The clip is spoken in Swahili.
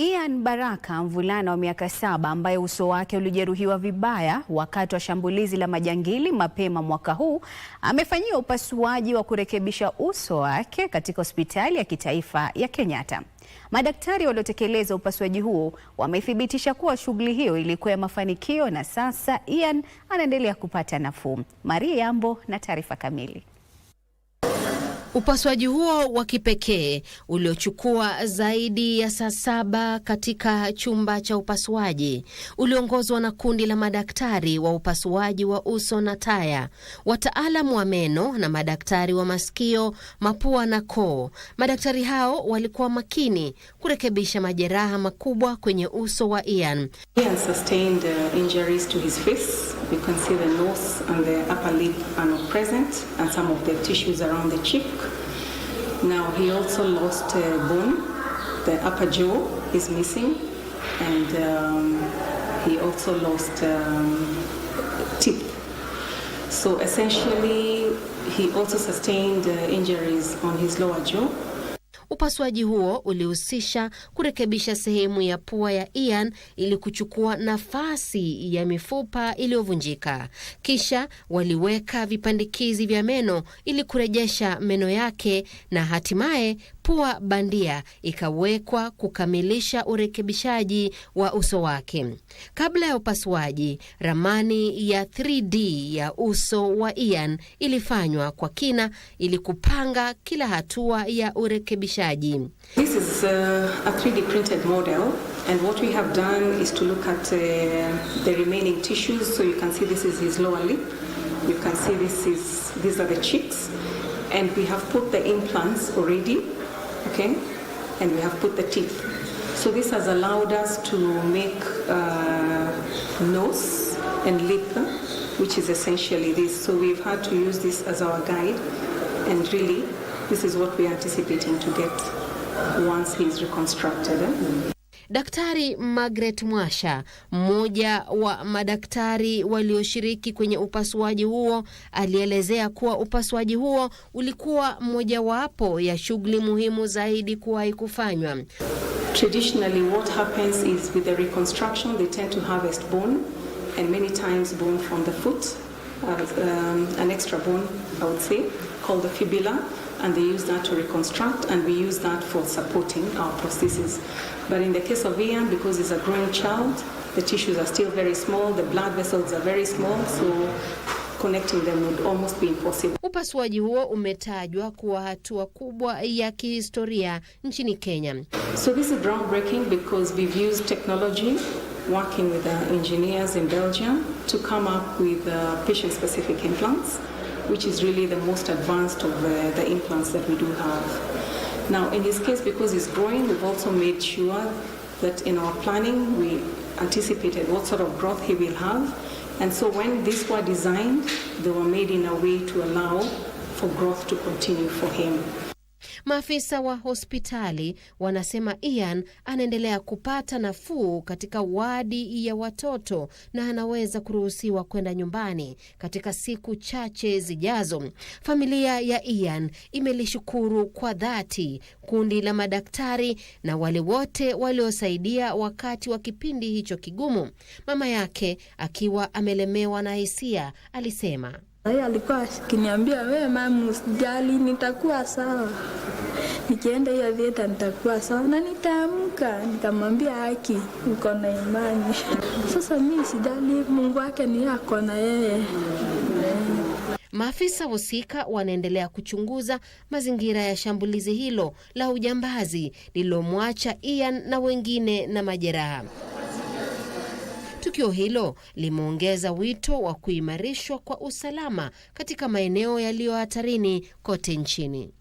Ian Baraka mvulana wa miaka saba ambaye uso wake ulijeruhiwa vibaya wakati wa shambulizi la majangili mapema mwaka huu amefanyiwa upasuaji wa kurekebisha uso wake katika hospitali ya kitaifa ya Kenyatta. Madaktari waliotekeleza upasuaji huo wamethibitisha kuwa shughuli hiyo ilikuwa ya mafanikio na sasa Ian anaendelea kupata nafuu. Maria Yambo na taarifa kamili. Upasuaji huo wa kipekee uliochukua zaidi ya saa saba katika chumba cha upasuaji uliongozwa na kundi la madaktari wa upasuaji wa uso na taya, wataalamu wa meno na madaktari wa masikio, mapua na koo. Madaktari hao walikuwa makini kurekebisha majeraha makubwa kwenye uso wa Ian. He Now he also lost a uh, bone, the upper jaw is missing, and um, he also lost um, teeth. So essentially, he also sustained uh, injuries on his lower jaw Upasuaji huo ulihusisha kurekebisha sehemu ya pua ya Ian ili kuchukua nafasi ya mifupa iliyovunjika. Kisha waliweka vipandikizi vya meno ili kurejesha meno yake na hatimaye pua bandia ikawekwa kukamilisha urekebishaji wa uso wake. Kabla ya upasuaji, ramani ya 3D ya uso wa Ian ilifanywa kwa kina ili kupanga kila hatua ya urekebishaji. This is uh, a, 3D printed model. And what we have done is to look at uh, the remaining tissues. So you can see this is his lower lip. You can see this is, these are the cheeks. And we have put the implants already. okay? And we have put the teeth. So this has allowed us to make uh, nose and lip, which is essentially this. So we've had to use this as our guide, and really, this is what we're anticipating to get once he's reconstructed. Daktari Margaret Mwasha, mmoja wa madaktari walioshiriki kwenye upasuaji huo, alielezea kuwa upasuaji huo ulikuwa mmojawapo ya shughuli muhimu zaidi kuwahi kufanywa. Traditionally what happens is with the reconstruction they tend to harvest bone and many times bone from the foot uh, um, an extra bone, I would say, called the fibula, and they use that to reconstruct, and we use that for supporting our prosthesis. But in the case of Ian, because he's a growing child, the tissues are still very small, the blood vessels are very small, so connecting them would almost be impossible. Upasuaji huo umetajwa kuwa hatua kubwa ya kihistoria nchini Kenya. So this is groundbreaking because we've used technology working with engineers in Belgium to come up with uh, patient-specific implants, which is really the most advanced of the implants that we do have. Now, in this case, because it's growing, we've also made sure that in our planning we anticipated what sort of growth he will have. And so when these were designed, they were made in a way to allow for growth to continue for him. Maafisa wa hospitali wanasema Ian anaendelea kupata nafuu katika wadi ya watoto na anaweza kuruhusiwa kwenda nyumbani katika siku chache zijazo. Familia ya Ian imelishukuru kwa dhati kundi la madaktari na wale wote waliosaidia wakati wa kipindi hicho kigumu. Mama yake akiwa amelemewa na hisia alisema, alikuwa akiniambia, we mama, usijali, nitakuwa sawa nikienda hiyo theater nitakuwa sawa na nitaamka, nitamwambia haki, uko na imani. Sasa mi sijali, Mungu wake ni yako na yeye. Maafisa husika wanaendelea kuchunguza mazingira ya shambulizi hilo la ujambazi lililomwacha Ian na wengine na majeraha. Tukio hilo limeongeza wito wa kuimarishwa kwa usalama katika maeneo yaliyo hatarini kote nchini.